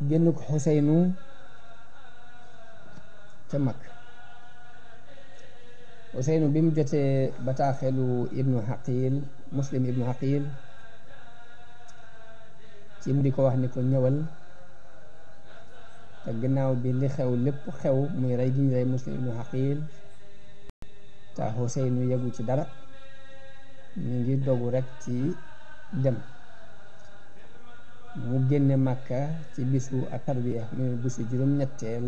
جنك حسين تمك حسين بمجت بتاخل ابن حقيل مسلم ابن حقيل تيمريكو واخني كو نيوال تا غناو بي لي خيو لب خيو موي راي دي راي مسلم ابن حقيل تا حسين يغو سي دارا ني دوغو رك تي دم mu génne màkka ci bisu ak tarbiya muy bisu juróom-ñetteel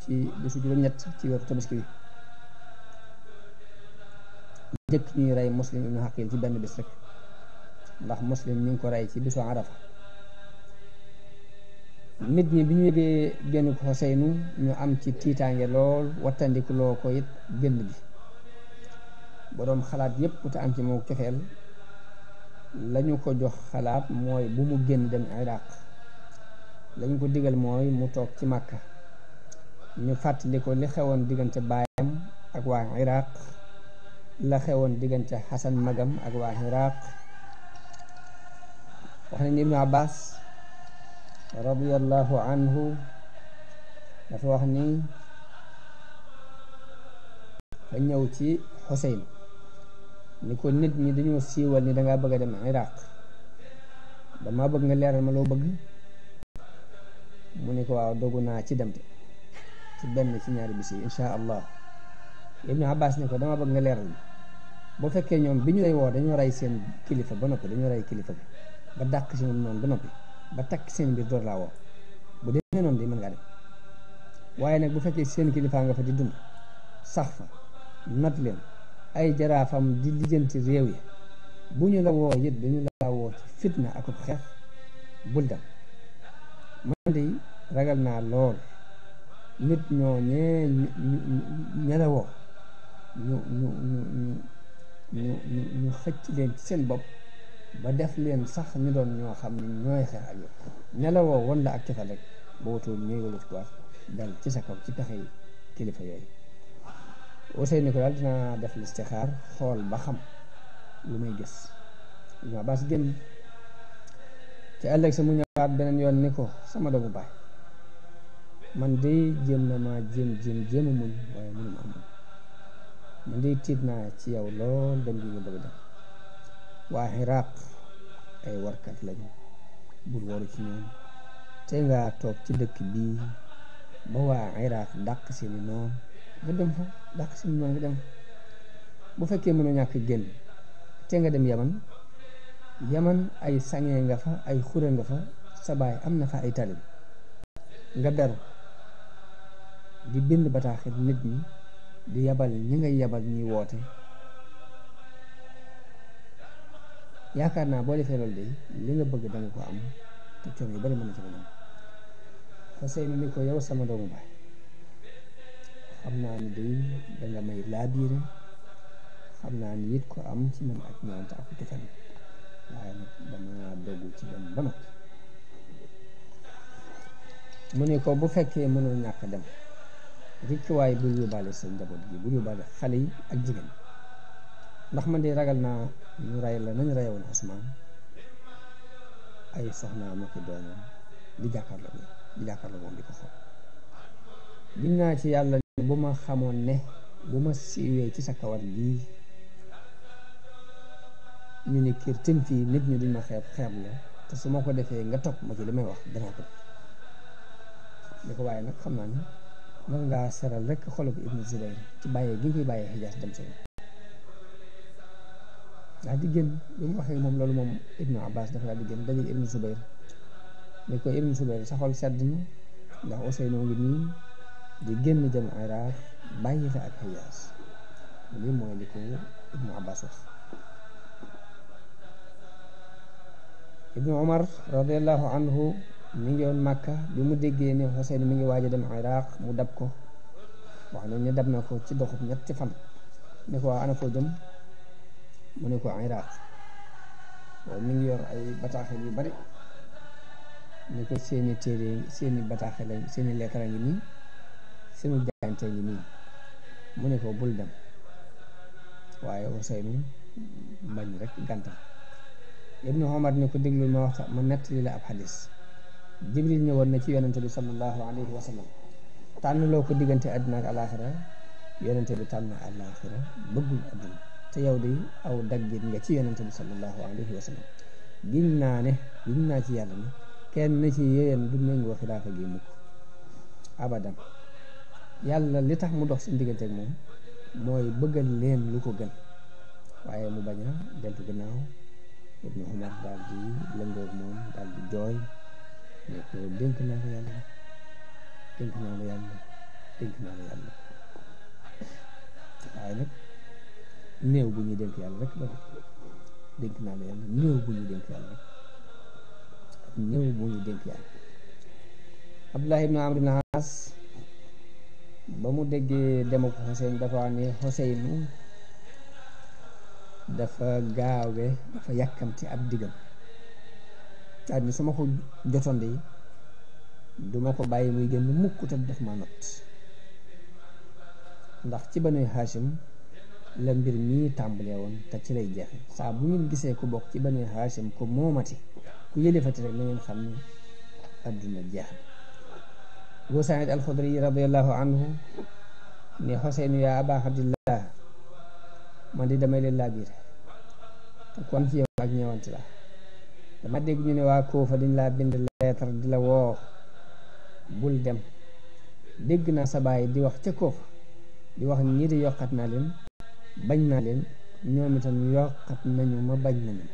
ci bisu juróom-ñett ci weeru tabaski bi jëkk ñuy rey muslim ibnu xaqil ci benn bis rek ndax muslim ñu ngi ko rey ci bisu arafa nit ñi bi ñu yëgee génn ko Xuseynu ñu am ci tiitaange lool wattandikuloo ko it génn bi boroom xalaat yépp te am ci moo cofeel lañu ko jox xalaat mooy bu mu génn dem iraq lañ ko digal mooy mu toog ci màkka ñu fàttali ko li xewoon diggante baayam ak waa iraq la xewoon diggante xasan magam ak waa iraq wax nañ ibnu abbas radiallahu anhu dafa wax ni fa ñëw ci xuseyn ni ko nit ñi dañoo siiwal ni dangaa bëgg a dem iraq dama bëgg nga leeral ma loo bëgg mu ne ko waaw dogu naa ci demte ci benn ci ñaari bis yi insha allah ibnu abbas ne ko damaa bëgg nga leeral ma boo fekkee ñoom bi ñu lay woo dañoo rey seen kilifa ba noppi dañoo rey kilifa bi ba dàq seen noonu ba noppi ba takk seen biir door laa woo bu demee noonu di mën ngaa dem waaye nag bu fekkee seen kilifaa nga fa di dund sax fa not leen ay jaraafam di lijjanti réew yi bu ñu la woo it dañu la woo ci fitna akub xeex bul dem man de ragal naa lool nit ñoo ñee ña la woo ñu ñu ñu ñu ñu ñu xëcc leen ci seen bopp ba def leen sax ñu doon ñoo xam ne ñooy xeex ak yow ña la la ak cofal rek boo wutoo ñëwee wala ci dal ci sa kaw ci pexe yi kilifa yooyu. Ousseynou ni ko dal dina def listixaar xool ba xam lu muy gis Ibnu Abbas génn ci ëllëg mu ñëwaat benen yoon ni ko sama dogu bay man de jéem na ma jéem jéem jéem a muñ waaye am man de tit na ci yow lool dem bi nga bëgg dem waa Xiraaq ay warkat lañu bul kini ci ñoom te nga toog ci dëkk bii ba waa dàq nga dem fa dàq suñu noonu nga dem fa bu fekkee mënoo ñàkk génn te nga dem yaman yaman ay sañee nga fa ay xure nga fa sa baay am na fa ay talib nga beru di bind bataaxit nit ñi di yabal ñi ngay yabal ñuy woote yaakaar naa boo defee loolu de li nga bëgg danga ko am te coono yu bari mën na ci ko ñoom fa sey ni ko yow sama doomu baay xam naa ni day danga may laabiire xam naa ni it ko am ci man ak ñaanta ak defan waaye nag dama dogu ci dem ba noppi mu ne ko bu fekkee mënoo ñàkk dem rikk waaye bul yóbbaale sa njaboot gi bul yóbbaale xale yi ak jigéen ndax man de ragal naa ñu rey la nañu reyoon asmaan ay soxnaa ma ko doonam di jàkkaarloo moom di ko xool ginnaaw ci yàlla bu ma xamoon ne bu ma siiwee ci sa kawar gii ñu ni kër tëm fii nit ñi duñ ma xeeb xeeb la te su ma ko defee nga topp ma ci li may wax danaa ko li ko waaye nag xam naa ni mën ngaa seral rek xolu ko Ibnu Zubayr ci bàyyee gi koy bàyyee Hijaas dem seen daa di génn bi mu waxee moom loolu moom Ibnu Abbas dafa daa di génn dajeeg Ibnu Zubayr ne ko Ibnu Zubayr sa xol sedd na ndax Ousseynou ngi nii di génn jëm Iraq bàyyi ak Hijaas li mooy li ko Ibnu Abbas Ibnu Umar radiallahu anhu mi ngi woon Màkka bi mu déggee ne Xuseyn mi ngi waaj a dem mu dab ko wax nañ ne dab na ko ci doxub ñetti fan ne ko ana foo mu ne ko Iraq waaw mi ngi yor ay bataaxel yu bari ni ko seeni téere seeni bataaxel seeni lekkara ngi suñu jaayante yi nii mu ne ko bul dem waaye Ousseynou bañ rek gàntal ibnu Omar ne ko déglu ma wax ma nettali la ab xadis jibril ñëwoon na ci yonente bi sallallahu alayhi wa sallam tànn loo ko diggante àddina ak alaaxira bi tànn alaaxira bëggul àddina te yow di aw daggit nga ci yonente bi sallallahu alayhi wa sallam naa ne giñ naa ci yàlla ne kenn ci yéen du méngoo xilaafa gi mukk abadan yàlla li tax mu dox seen diggante moom mooy bëggal leen lu ko gën waaye mu bañ a deltu gannaaw daal di lëngoog moom daal di jooy ne ko dénk naa la yàlla dénk naa la yàlla waaye nag néew bu ñuy dénk yàlla rek la dénk naa la yàlla néew bu ñuy dénk yàlla néew bu ñuy dénk yàlla abdullah ibnu amr ibnu as ba mu déggee demuk Xuseyn dafa ne Xuseynu dafa gaawe dafa yàkkamti ab diggam daal ni su ma ko jotoon de duma ko bàyyi muy génn mukk te def ma not ndax ci banuy Haashim la mbir mii tàmbalee woon te ci lay jeexe saa bu ngeen gisee ku bokk ci banuy Haashim ku moomati ku yëlifati rek na xam ne àdduna jeex na abu said alxudri radiallahu anhu ni xoseen yaa aba abdillah man di damay leen laa biir te kon ci yow ak ñëwante la dama dégg ñu ne waa Kuufa dañ laa bind leetar di la woo bul dem dégg naa sa baay di wax ca Kuufa di wax ñii di yokkat naa leen bañ naa leen ñoom itam yokkat nañu ma bañ nañu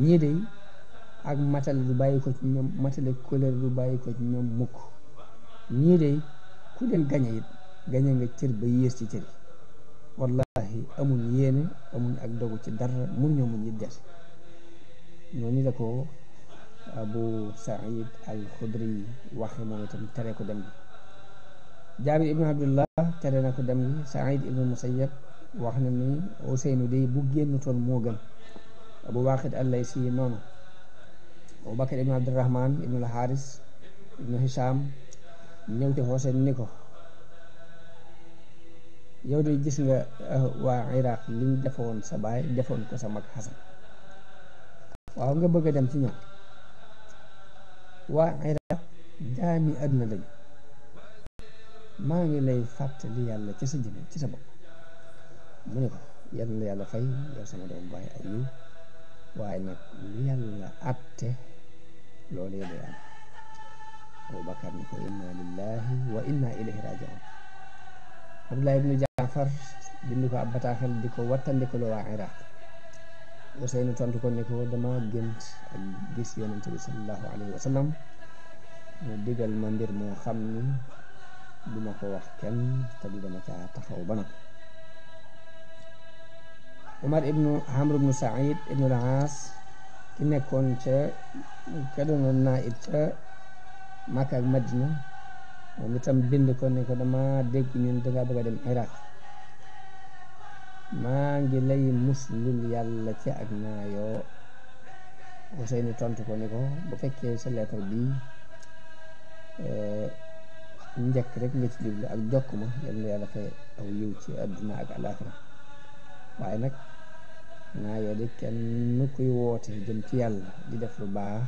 ñii de ak matale du bàyyi ko ci ñoom matale couleur du bàyyi ci ñoom mukk ñii de ku leen gañe it gañe nga cër ba yées ci cër yi wallahi amuñ yéene amuñ ak dogu ci dara mun ñoo muñ it des ñooñu la ko abu said al xudri yi waxe moom itam tere ko dem gi jaabir ibnu abdullah tere na ko dem gi said ibnu musayab wax na ni useynu day bu génn toon moo gën abu waqid al laysi noonu abu bakar ibnu abdurahman ibnu alxaaris ibnu hisham ñëw ci xoosen ni ko yow de gis nga eh, waa iraq li ñu defoon sa baay defoon ko sa mag xasan waaw nga bëgg a dem ci ñoom waa iraq jaami àdduna lañu maa ngi lay fàttali yàlla ci jëm ci sa bopp mu ne ko yal yàlla fay waaye nag lu yàlla atte loolee day am Abubakar ni ko inna lillahi wa inna ilayhi rajiun Abdullah ibnu Jaafar bind ko ab bataaxal di ko wattandikuloo waa Iraq Useynu tontu ko ne ko dama gént ak gis yonente bi salallahu alayhi wa mu digal ma mbir ni du ko wax kenn te du dama caa taxaw ba nag Umar ibnu Amr ibnu Saïd ibnu ki nekkoon ca ka doonoon naa it ca Makka ak Madina moom itam bind ko ne ko dama dégg ñun dangaa bëgg dem Iraq maa ngi lay muslul yàlla ci ak naayoo Ousseynou tontu ko ko bu fekkee sa lettre bi eh, njëkk rek nga ci ak jokk ma yàlla yàlla fay aw ci àdduna ak àllaaxira waaye nag naa yedd kenn kuy woote jëm ci yàlla di def lu baax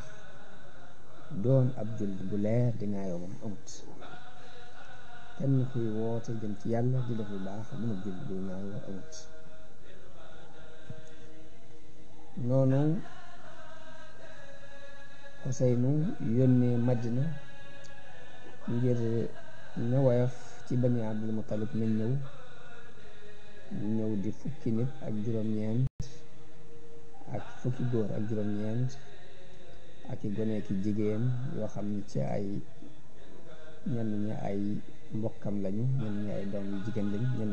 doon ab jullit bu leer di ngaayoo moom amut kenn ci yàlla di def baax doon ab jullit bu noonu Xuseynu yónnee Madina ngir na woyof ci Bani Abdul Muttalib nañ ñëw ñëw di fukki nit ak juróom-ñeent ak fukki góor ak juróom-ñeent ak i gone jigéen yoo xam ne ci ay ñenn ñi ay mbokkam lañu ñenn ñi ay doom yu jigéen lañu ñenn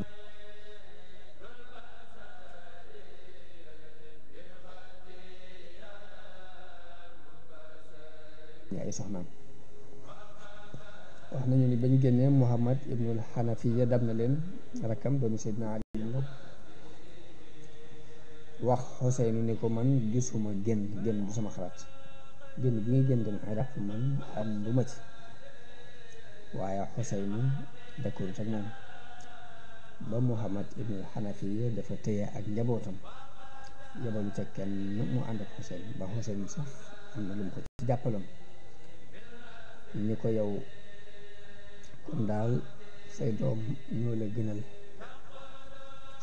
ñi ay soxnaam wax nañu ni bañ génnee Muhammad ibnul Xanafiya dam na leen rakkam doomi Seydina Ali wax Xuseynu ni ko man gisuma génn génn sama xalaat génn bi nga génn dem Iraq man ànduma ci waaye Xuseynu dëkkuñ ak moom ba Muhammad ibnul Xanafiya dafa tëye ak njabootam yabalu ca kenn mu ànd ak Xuseyn ba Xuseyn sax am na lu mu ko ci jàppaloon ni ko yow daal say doom ñoo la gënal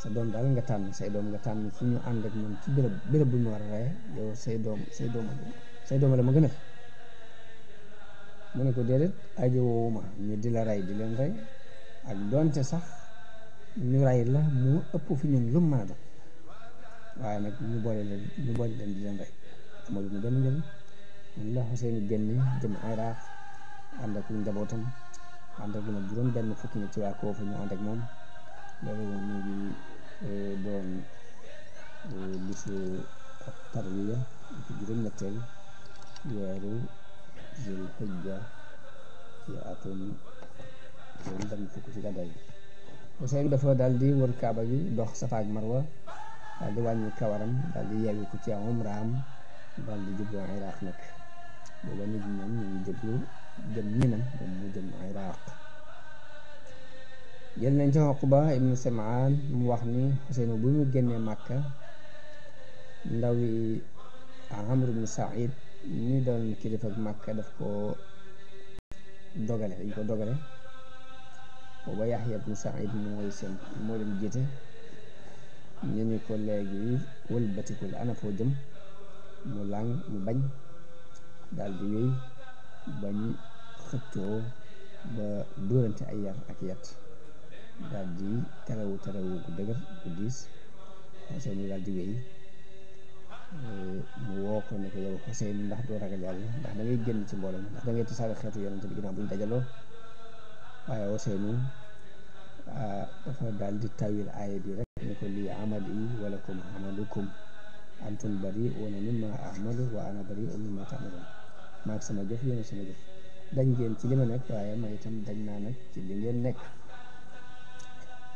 sa doom daal nga tànn say doom nga tànn fu ñu ànd ak man ci béréb béréb bu ñu war a rey yow say doom say doom ma gënal mu ne ko déedéet ajo woowuma ñu di la rey di leen rey ak doonte sax ñu rey la mu ëpp fi ñun lu mu mën a doon waaye nag ñu boole leen ñu boole leen di leen rey amalu ñu benn njëriñ mun la Xuseen génn jëm Iraq ànd ak njabootam ànd ak lu ma juróom benn fukki nit ci waa koofu ñu ànd ak moom loolu mu ngi eh, doon bisu eh, ak tarwiya ci juróom ñetteel weeru zul hijja ci atum juróom benn fukki ci gàddaay Usayd dafa daal di wër kaaba gi dox Safa ak Marwa daal di wàññi kawaram daal di yeewi ku ci umraam daal di jublu Iraq nag booba nit ñoom ñu ngi jublu jëm minan moom mu jëm iraq jël nañ ci Uqba ibnu Samaan mu wax ni Xuseynu bu mu génnee Màkka ndawi Amr ibnu Saïd ni doon kilifa Màkka daf ko dogale dañ ko dogale booba Yaxya ibnu Saïd mooy seen moo leen jiite ñu ni ko léegi wëlbatikul ana foo jëm mu làng mu bañ daal di wéy ba ñu xëccoo ba dóorante ay yar ak yat daal di terewu terewu gu dëgër gu diis Xuseyn daal di wéy mu woo ko ne ko yow Xuseyn ndax doo ragal yàlla ndax ci mbooloo mi xeetu yonent bi ginnaaw bu ñu ah, dafa daal di tawil aaya bi rek ne ko lii amali walakum amalukum antum bari'uuna mimmaa a'malu wa ana bari'un mimmaa ta'maluun maag sama jëf yéen sama jëf dañ ngeen ci li ma nekk waaye ma itam dañ naa nag ci li ngeen nekk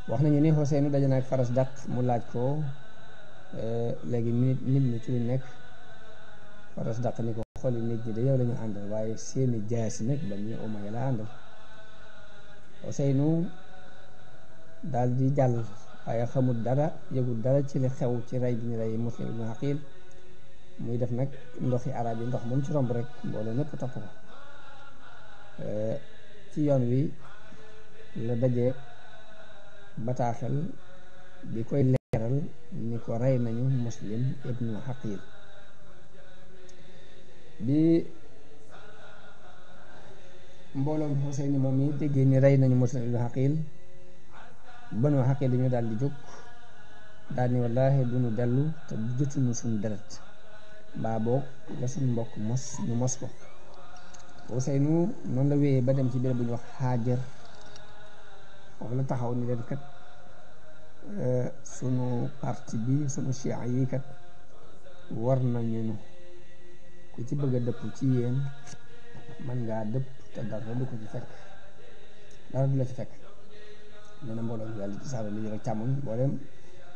wax nañu ni Xuseenu daje naag faras dàq mu laaj ko léegi nit nit ñi ci nekk faras dàq ni ko xoli nit ñi de yow la ñu waaye seeni jaasi nag ba ñu Umayya la àndal Xuseynu daal di jàll waaye xamul dara yëgul dara ci li xew ci rey bi ñu rey Muslim ibn Aqil muy def nag ndox yi arab yi ndox moom ci romb rek mbooloo ñëpp topp ko ci yoon wi la daje bataaxel bi koy leeral ni ko rey nañu Muslim ibn Aqil bi mbooloom Xuseyn moom yi déggee ni rey nañu Muslim ibn Aqil banu xaqee dañu daal di jóg nu ni wallaahi duñu dellu te jotuñu suñu deret mbaa la suñu mbokk mos ñu mos ko la wéyee ba dem ci béréb bu ñu wax Xaajar foofu la taxaw ni leen kat euh, sunu parti bi sunu chia yi kat war nañu nu ku ci bëgg a dëpp ci yéen mën ngaa dëpp te dara du ko ci fekk dara du la ci fekk nee na mbooloo yàlla sabe saalo li ak càmmoñ mboolem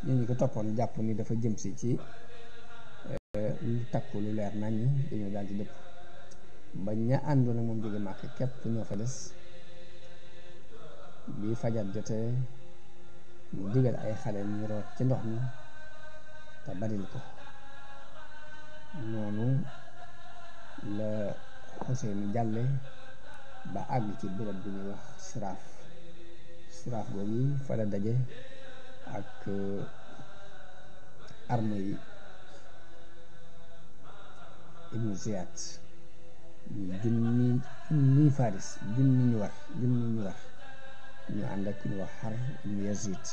ñu ñu ko topon japp ni dafa jëm ci ci eh, lu takku lu leer nañ dañu dal di depp ba ña àndoon nak mom jóge màkk kep ñoo fa dess bi fajar jotee mu digal ay xale ñu root ci ndox ni ta baril ko nonu la ni jalle ba ag ci béréb bi ñu wax siraf siraax googu fa daje ak euh, arme yi ibnu ziyaat junni junni faris junni ñu war junni ñu war ñu ànd ak ki wax xar ibnu yazid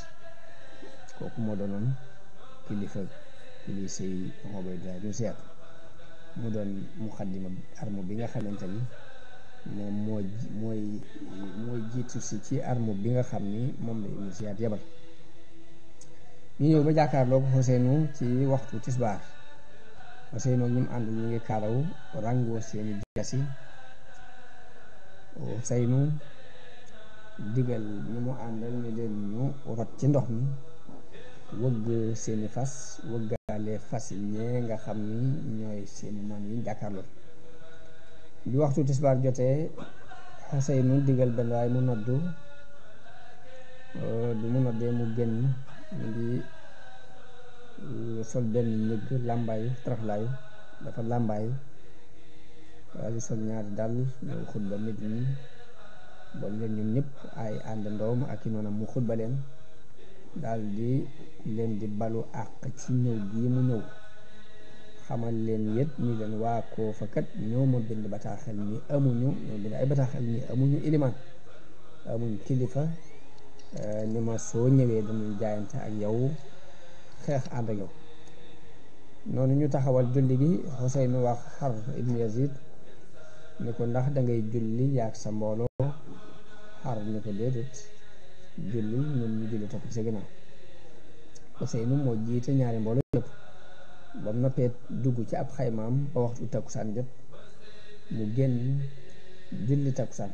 kooku moo doonoon kilifa kilisay Ubaydullaah ibnu ziyaat mu doon muxaddima arme bi nga xamante ni moom moo mooy mooy jiitu si ci arme bi nga xam ni moom la Ibnu Siyaad ñu ñëw ba jàkkaarloo ko Ousseynou ci waxtu tisbaar Ousseynou ñu ànd ñu ngi kaalaw ràngoo seeni jasi Ousseynou digal ñu mu àndal ñu ci ndox mi wëgg seeni fas wëggaale fas yi ñee nga xam ni ñooy seeni noon yi jàkkaarloo bi waxtu tisbaar jotee Xuseynu digal benn waaye mu noddu euh, bi mu noddee mu génn mu ngi euh, sol benn ñëgg làmbaayu taraxlaayu dafa làmbaayu waaye sol ñaari dàll ñëw xutba nit ñi boolu leen ñun ñëpp ay ànd ndoom ak i noonam mu xutba leen daal di leen di balu àq ci ñëw gii mu ñëw amal leen yët ni leen waa Koofa kat ñoo ma bind bataaxal ni amuñu ñoo bind ay bataaxal ni amuñu ilimaan amuñ kilifa euh, ni ma soo ñëwee dañuy jaayante ak yow xeex ànd ak noonu ñu taxawal julli gi Xuseyn wax Xar ibn Yazid ni ko ndax dangay julli yaag sa mbooloo Xar ni ko déedéet julli ñun ñu julli topp ci sa ginnaaw Xuseyn moo jiite ñaari mbooloo ba mu noppee dugg ci ab xaymaam ba waxtu takusan jot mu génn julli takusan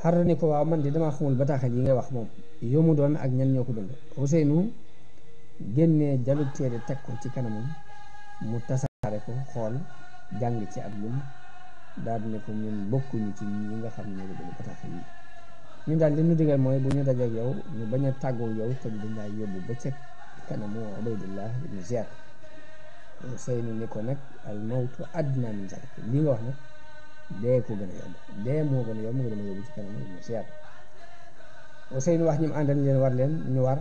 xar ko waaw man di dama xamul bataaxal yi ngay wax moom yomu mu doon ak ñan ñoo ko dund Ousseynou génnee jalu téere teg ko ci kanamam mu tasaare ko xool jàng ci ab lum daal ne ko ñun bokkuñu ci ñi nga xam ne ñoo ko dund bataaxal yi ñu daal li nu digal mooy bu ñu dajeeg yow ñu bañ a tàggoo yow te dañ laa yóbbu ba cek kanamu Ubaydullah ibn Ziyad Seyni ni ko nag al mawtu adnaa min zalik li nga wax nag dee ko gën a yomb dee moo gën a yomb nga dama yóbbu ci kanamu ibn Ziyad Seyni wax ñi mu àndal leen war leen ñu war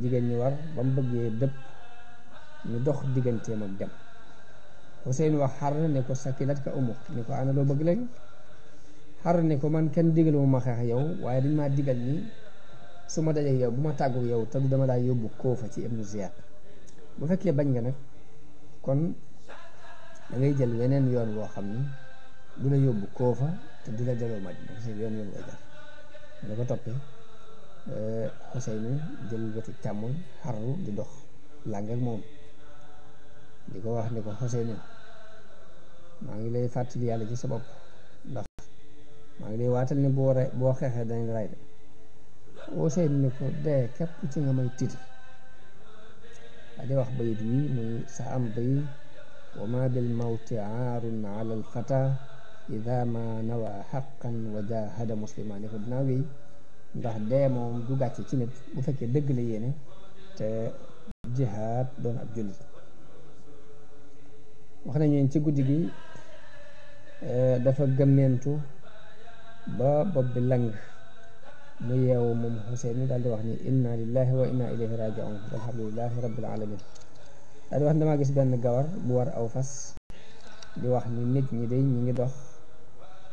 jigéen ñi war ba mu bëggee dëpp ñu dox digganteem ak dem Ousseynou wax xar ne ko sakilat ka umuk ni ko ana loo bëgg léegi xar ne ko man kenn digal ma xeex yow waaye dañ maa digal ni su ma dajee yow bu ma tàggu yow te du dama daay yóbbu koofa fa ci ibnu ziyaad bu fekkee bañ nga nag kon dangay jël weneen yoon woo xam ni du la yóbbu koofa te du la jaloo Madina Xuseyn yoon yoon woo jar da ko toppee euh, Xuseynu jël wetu càmmoñ xarru di dox làng moom di ko wax ni ko Xuseynu maa ngi lay fàttali yàlla ci sa bopp ndax maa ngi lay waatal ni boo re boo xeexee dañ la de Useyn ni ko dee képp ci nga may tiital ade wax bayit wi muy sa am bay wa ma bil mawti aarun ala alfata ida ma nawa xaqan wa jahada musliman ni ko dinaa wéy ndax dee moom du gàcce ci nit bu fekkee dëgg la yéene te jihaad doon ab jullit wax nañu ci guddi gi eh, dafa gëmmeentu ba bopp bi lang mu yeewu moom Xuseyn mi wax ni inna lillahi wa inna ilayhi rajiun alhamdulilahi rabbil alamin daal wax ni damaa gis benn gawar bu war aw fas di wax ni nit ñi de ñi ngi dox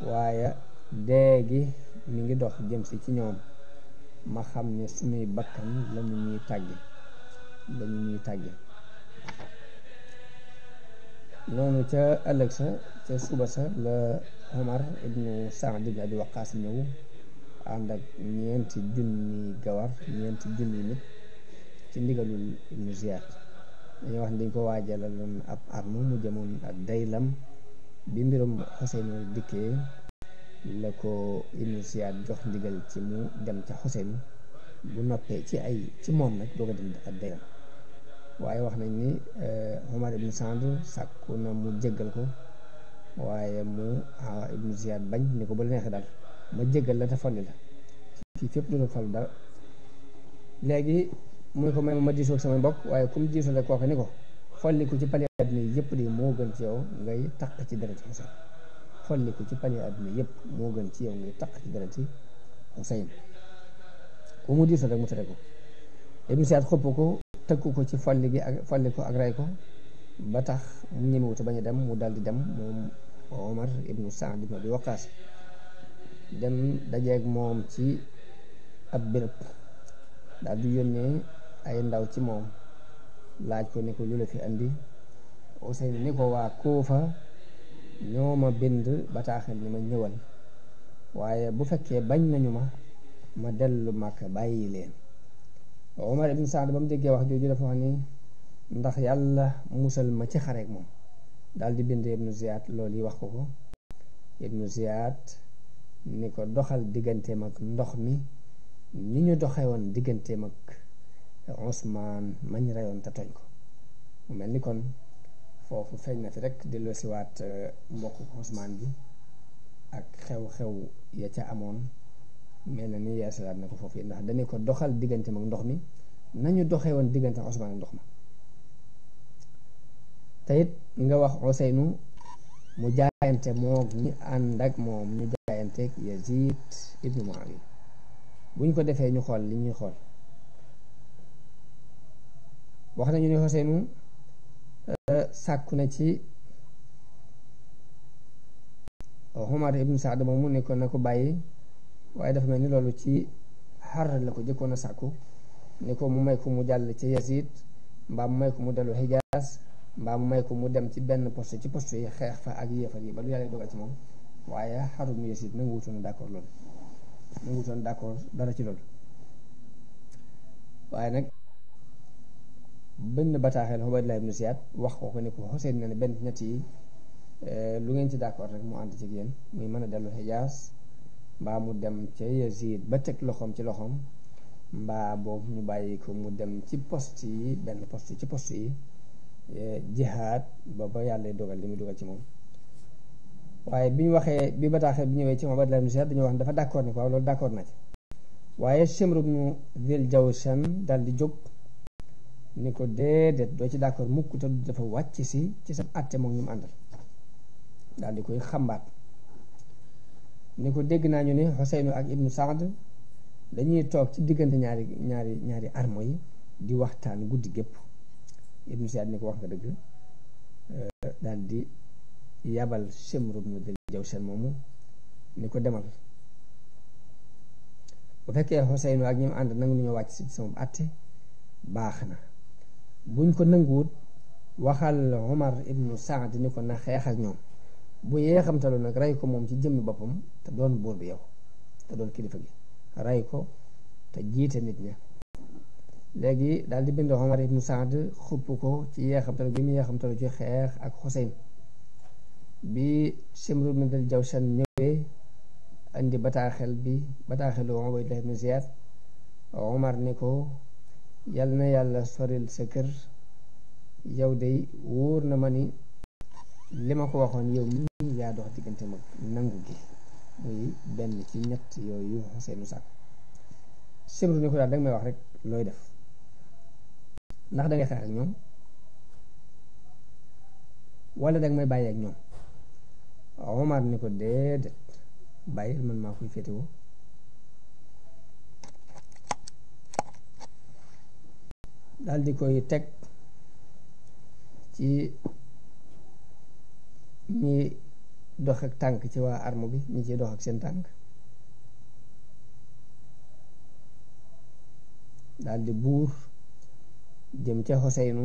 waaye dee gi mi ngi dox jëm si ci ñoom ma xam ni suñuy bakkan lañu ñuy tàgge lañu ñuy tàgge noonu ca ëllëg sa ca suba sa la Omar ibnu Saad ibn Abi Waqaas ñëw ànd ak ñeenti junni gawar ñeenti junni nit ci ndigalul ibnu dañuy wax ne dañ ko waajalaloon ab armo mu jëmoon ak daylam bi mbirum Xuseyn dikkee la ko ibnu jox ndigal ci mu dem ca Xuseyn bu noppee ci ay ci moom nag doo ko dem ak daylam waaye wax nañ ni euh, Omar ibnu Sand sàkku na mu jéggal ko waaye mu ah, ibnu Ziyaad bañ ni ko ba la neexee daal ma jéggal la te fonni la kii fépp du la fal dara léegi muy ko may ma diisoo ak samay mbokk waaye comme diisoo la kooke ni ko folliku ci pale pali àdduna yëpp de moo gën ci yow ngay taq ci deret Xuseyn folliku ci pali àdduna yëpp moo gën ci yow ngay taq ci deret Xuseyn ku mu diisoo rek mu tere ko Ibnu Siyaad xëpp ko tëkku ko ci folli gi ak folli ko ak ray ko ba tax mu ñemewuta bañ a dem mu di dem moom Omar ibnu Saad ibnu Abi Waqaas dem dajeeg moom ci ab béréb daal di yónnee ay ndaw ci moom laaj ko ne ko lu la fi indi Useyn ni ko waa Kuufa ñoo ma bind bataaxal ni ma ñëwal waaye bu fekkee bañ nañu ma ma dellu Makka bàyyi leen Omar ibn Saad ba mu déggee wax jooju dafa wax ni ndax yàlla musal ma ci xareek moom daal di bind ibnu Ziyaad loolu yi wax ko ko ibnu Ziyaad ni ko doxal diggante mag ndox mi ni ñu doxe woon digganteem ak Usmaan mañ reyoon te tooñ ko mu mel ni kon foofu feeñ na fi rek delloosiwaat euh, mbokk Usmaan bi ak xew-xew ya ca amoon mel na ni yeesalaat na ko foofu yi ndax dañu ko doxal diggante ak ndox mi nañu doxe woon diggante ak ak ndox ma te nga wax Useynu mu jaayante moog ñi ànd ak moom ñu jaayanteeg Yazid ibnu Muawiya buñ ko defee ñu xool li ñuy xool wax nañu ne Xuseynu euh, sàkku na ci Umar ibnu Saad moom mu nekkoon na ko bàyyi waaye dafa mel ni loolu ci xar la ko jëkkoon a sàkku ne ko mu may ko mu jàll ci Yazid mbaa mu may ko mu dellu Hijaas mbaa mu may ko mu dem ci benn post ci poste yi xeex fa ak yéefar yi ba lu yàlla dogal ci moom waaye Haarun ibn Yasiid nangu wutoon d'accord loolu nangu wutoon d'accord dara ci loolu waaye nag benn la Ubaydullah ibn Ziyaad wax ko ko ne ko Xuseyn na ne benn ñett yi eh, lu ngeen ci d'accord rek mu ànd ci yéen muy mën a dellu Hijaas mbaa mu dem ca Yaziid ba teg loxoom ci loxoom mbaa boobu ñu bàyyi ko mu dem ci poste yi benn yi ci post yi Eh, jihaad ba ba yàlla dogal li muy ci moom waaye bi ñu waxee bi bataaxee bi ñëwee ci moom Badr ibn Ziyad dañoo wax ne dafa d'accord ni ko waaw loolu d'accord na ci waaye Shimr ibn Dhil Jawshan daal di jóg ni ko déedéet doo ci d'accord mukk te dafa wàcc si ci sa àtte moom ñu mu àndal daal di koy xambaat ni ko dégg naa ñu ne Xuseynu ak Ibnu Saad dañuy toog ci diggante ñaari ñaari ñaari armo yi di waxtaan guddi gépp ibnu Siyaad ni ko wax nga dëgg euh, daal di yabal Shimru bnu Dil Jawshan moomu ni ko demal bu fekkee Xuseynu ak ñi mu ànd nangu ñoo wàcc si sama àtte baax na buñ ko nanguwut waxal Umar ibnu Saad ni ko na xeex ak ñoom bu yeexamtalu nag rey ko moom ci jëmmi boppam te doon buur bi yow te doon kilifa gi rey ko te jiite nit ña léegi daal di bind Omar ibn Saad xupp ko ci yeexamtalu bi mu yeexamtalu ci xeex ak Xuseyn bi Simru ibn al Jawshan ñëwee indi bataaxel bi bataaxelu Ubaydullah ibn Ziyad Omar ni ko yal na yàlla soril sa kër yow day wóor na ma ni li ma ko waxoon yow mii yaa dox diggante mag nangu gi muy benn ci ñett yooyu Xuseyn sàkk Simru ni ko daal danga may wax rek looy def ndax da xeex ak ñoom wala da may bàyyi ñoom Omar ni ko déedéet bàyyil man maa koy féetewoo daal koy teg ci ñi dox ak tànk ci waa arme bi ñi ciy dox ak seen tànk daal buur jëm ca xoseynu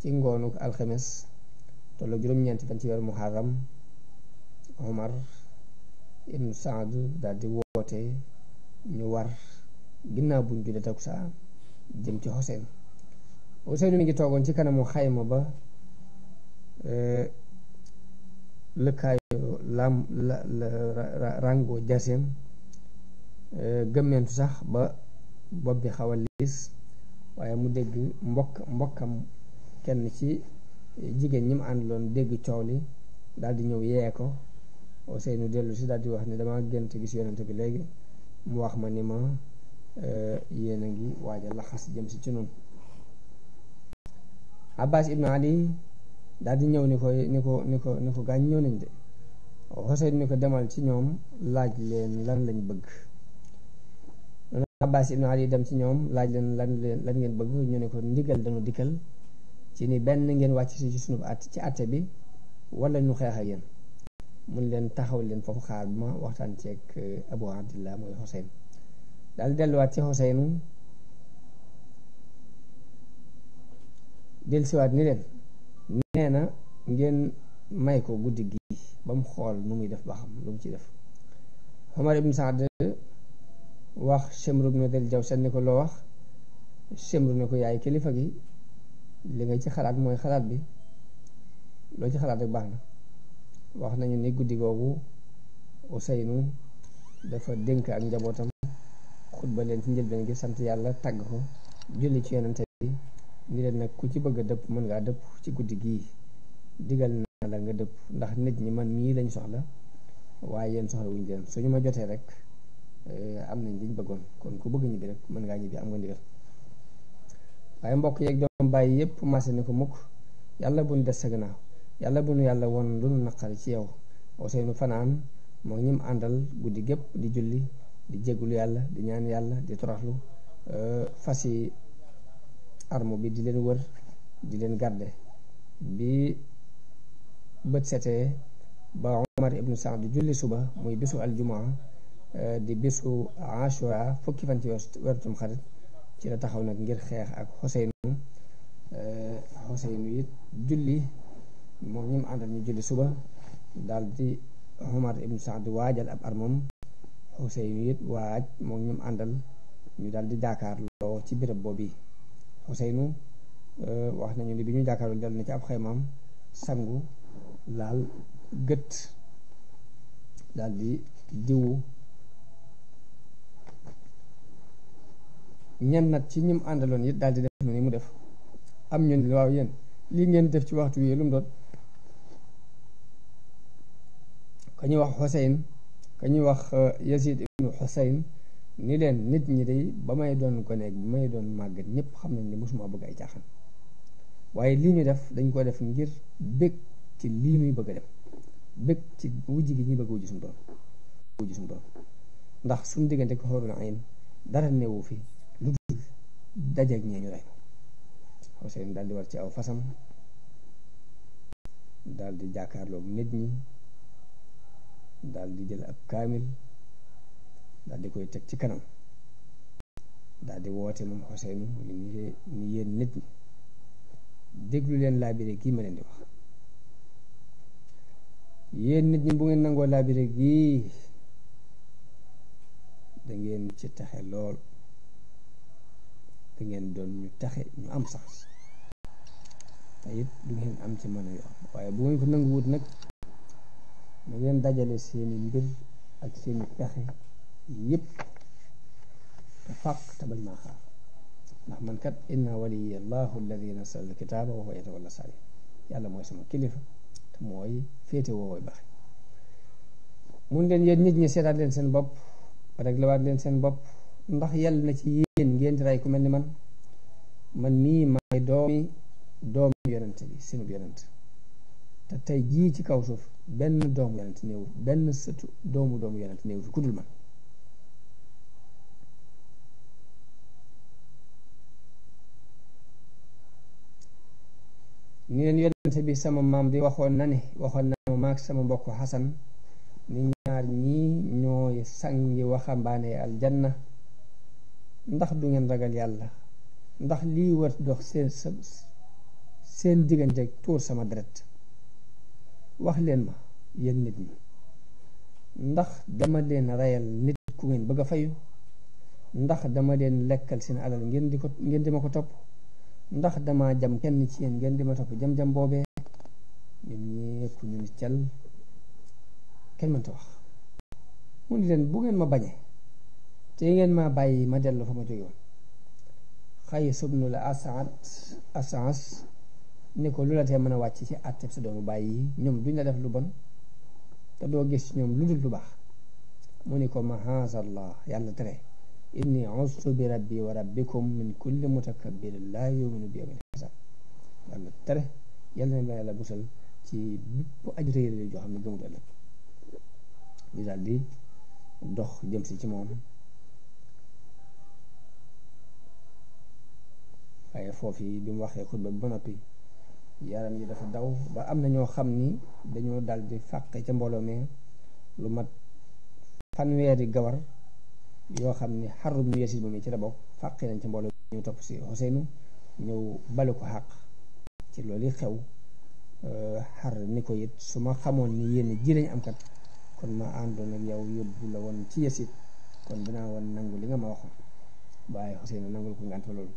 ci ngoonu alxemes tollu juróom-ñeenti fan ci weeru muharram omar ibnu saad daldi woote ñu war ginnaaw buñ julee takkusaan jëm ci xoseynu xoseynu mi ngi toogoon ci kanamu xayma ba e, lëkkaayu lam rango jaseem e, gëmmeentu sax ba bopp bi xaw liis waaye mu dégg mbokk mbokkam kenn ci jigéen ñi mu àndaloon dégg coow li daal ñëw yee ko Ousseynou dellu si daal di wax ne dama gént gis yonent bi léegi mu wax ma ni ma euh, yéen a ngi waaj a laxas jëm si ci noonu Abbas ibn Ali daal ñëw ni ko ni ko ni ko gaañ ñëw nañ de Ousseynou ni ko demal ci ñoom laaj leen lan lañ bëgg Abbas ibn Ali dem ci ñoom laaj leen lan leen lan ngeen bëgg ñu ne ko ndigal dañu dikkal ci ni benn ngeen wàcc si ci sunu at ci atte bi wala ñu xeex ak yéen mun leen taxaw leen foofu xaar bi ma waxtaan ceeg euh, Abu Abdillah mooy Xoseyn daal delluwaat ci Xoseynu dellusiwaat ni leen nee na ngeen may ko guddi gi ba mu xool nu muy def ba xam lu mu ci def Omar ibn Saad wax Chemru bnu del Jawshan ni ko loo wax Chemru ne ko yaay kilifa gi li nga ci xalaat mooy xalaat bi loo ci xalaat rek baax na wax nañu ni guddi googu Ousseynou dafa dénk ak njabootam xutba leen ci njëlbeen sant yàlla tàgg ko ci yonente bi ni leen nag ku ci bëgg a dëpp mën ngaa dëpp ci guddi gii digal naa la nga dëpp ndax nit ñi man mii lañ soxla waaye yéen soxla wuñ leen suñu ma jotee rek Eh, am nañ liñ bëggoon kon ku bëgg ñibbi rek mën ngaa ñibbi am nga ndigal waaye mbokk yeeg doom bàyyi yépp marché ni ko mukk yàlla buñ des sa gannaaw yàlla bu nu yàlla woon lu nu naqari ci yow Ousseynou fanaan moo ñim àndal guddi gépp di julli di jéggulu yàlla di ñaan yàlla di toroxlu eh, fas yi bi di leen wër di leen garde bi bët setee ba Omar ibnu Saad di julli suba muy bisu aljumaa di bisu ashura fukki fan ci weeru ci la taxaw nag ngir xeex ak Xuseynu Xuseynu eh, it julli moom ñi àndal ñu julli suba dal di Umar ibnu Saad waajal ab armam Xuseynu it waaj moom ñi àndal ñu daal di jàkkaarloo ci béréb boobu Xuseynu eh, wax nañu ni bi ñu jàkkaarloo dellu na ci ab xaymaam sangu laal gët daldi diwu ñenn nag ci ñim àndaloon it daal di def lu ni mu def am ñu ne waaw yéen lii ngeen def ci waxtu wi lu mu doon ka ñuy wax Xuseyn ka ñuy wax euh, Yazid ibnu Xuseyn ni leen nit ñi day ba may doon gone bi may doon màggat ñëpp xam nañ ni mosuma bëgg ay caaxaan waaye lii ñu def dañ ko def ngir bég ci lii muy bëgg a dem bég ci wujj gi ñuy bëgg wujj suñu doon wujj suñu doon ndax suñu diggante ko xoorul ayn dara neewu fi lu dul dajeeg ñee ñu rey ko Hussein war ci aw fasam daldi di jàkkaarloog nit ñi daldi jël ab kaamil daldi koy teg ci kanam daldi di woote moom Hussein ni yéen nit ñi déglu leen laabire gii ma leen yéen nit ñi bu ngeen nangoo laabire gii da ngeen ci taxe lool da ngeen doon ñu taxe ñu am sax te it du ngeen am ci mën a yor waaye bu ngeen ko nangu wut nag da ngeen dajale seeni mbir ak seeni pexe yépp te fàq te bañ maa xaar ndax man kat inna waliya allahu alladi nasal kitaaba wa huwa yatawalla saali yàlla mooy sama kilifa te mooy féete woowooy baxe mun leen yéen nit ñi seetaat leen seen bopp rek leen seen bopp ndax yàlla na ci yéen ngeen rey ku mel ni man man mii maay doomi doomu yonent bi sinu te tey jii ci kaw suuf doomu yonent néew benn sëtu doomu doomu leen yonent bi sama maam di waxoon na ne waxoon na ma maag sama mbokk Xasan ni ñaar ñii ñooy sangi waxambaane aljanna ndax du ngeen ragal yàlla ndax lii war dox seen seen diggante ak tuur sama deret wax leen ma yéen nit ñi ndax dama leen reyal nit ku ngeen bëgg a fayu ndax dama leen lekkal seen alal ngeen di ko ngeen di ma ko topp ndax dama jam kenn ci yéen ngeen di ma topp jam-jam boobee ñun ñeeku ñu ni cal kenn mënta wax mu ni leen bu ngeen ma bañee te ngeen maa bàyyi ma dellu fa ma jóge woon Xays ibnul Asad Asas ni ko lu la tee mën a wàcc ci àtteb sa doomu bàyyi yi ñoom duñ la def lu bon te doo gis ñoom lu dul lu baax mu ni ko mahazallah yàlla tere inni ustu bi rabbi wa rabbikum min kulli mutakabbirin laa yuminu bi yawmil hisaab yàlla tere yàlla na yàlla busal ci bépp aju réer joo xam ne gëmut ëllëg ñu daal di dox jëm si ci moom waaye foofu yi bi mu waxee xutba bi ba noppi yaram yi dafa daw ba am na ñoo xam ni dañoo dal di fàqe ca mbooloo mi lu mat fanweeri gawar yoo xam ni xarum ñu yesit moom ci la bokk fàqe nañ ca mbooloo mi ñëw topp si Ousseynou ñëw balu ko xàq ci loolu xew xar euh, ni ko it su ma xamoon ni yéen ji lañ am kon ma àndoon ak yow yóbbu la woon ci yesit kon dinaa woon nangu li nga ma waxoon waaye Ousseynou nangul ko ngànt fa loolu